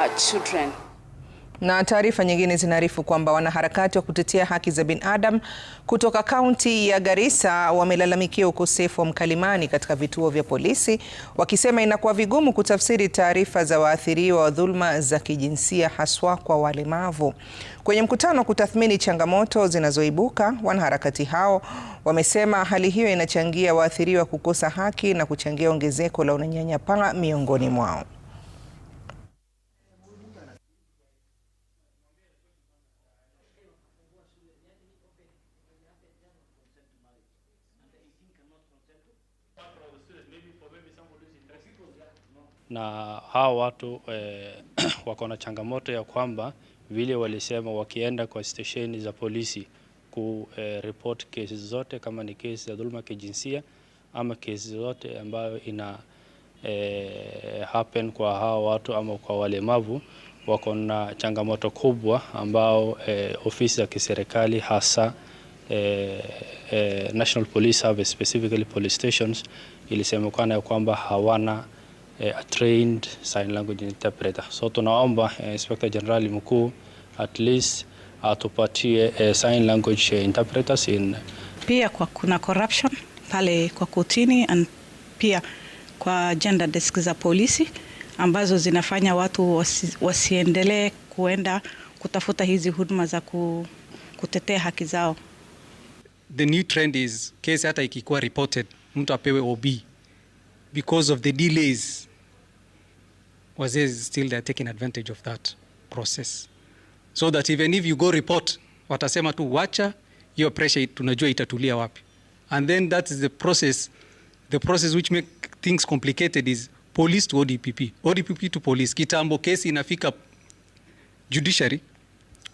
Uh, children. Na taarifa nyingine zinaarifu kwamba wanaharakati wa kutetea haki za binadamu kutoka kaunti ya Garissa wamelalamikia ukosefu wa mkalimani katika vituo vya polisi, wakisema inakuwa vigumu kutafsiri taarifa za waathiriwa wa dhuluma za kijinsia haswa kwa walemavu. Kwenye mkutano wa kutathmini changamoto zinazoibuka, wanaharakati hao wamesema hali hiyo inachangia waathiriwa kukosa haki na kuchangia ongezeko la unyanyapaa miongoni mwao. na hao watu eh, wako na changamoto ya kwamba vile walisema wakienda kwa stesheni za polisi ku eh, report kesi zote kama ni kesi za dhuluma kijinsia ama kesi zote ambayo ina eh, happen kwa hao watu ama kwa walemavu wako na changamoto kubwa ambao eh, ofisi za kiserikali hasa eh, eh, National Police Service specifically police stations ilisemekana ya kwamba hawana eh, a trained sign language interpreter. So tunaomba eh, Inspector General mkuu at least atupatie eh, sign language eh, interpreters in pia kwa kuna corruption pale kwa kotini and pia kwa gender desk za polisi ambazo zinafanya watu wasi, wasiendelee kuenda kutafuta hizi huduma za ku, kutetea haki zao the new trend is kesi hata ikikuwa reported mtu apewe OB because of the delays wazee still they are taking advantage of that process so that even if you go report watasema tu wacha hiyo pressure tunajua itatulia wapi and then that is the process the process which make things complicated is police to ODPP ODPP to police kitambo kesi inafika judiciary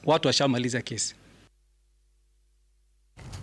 watu washamaliza kesi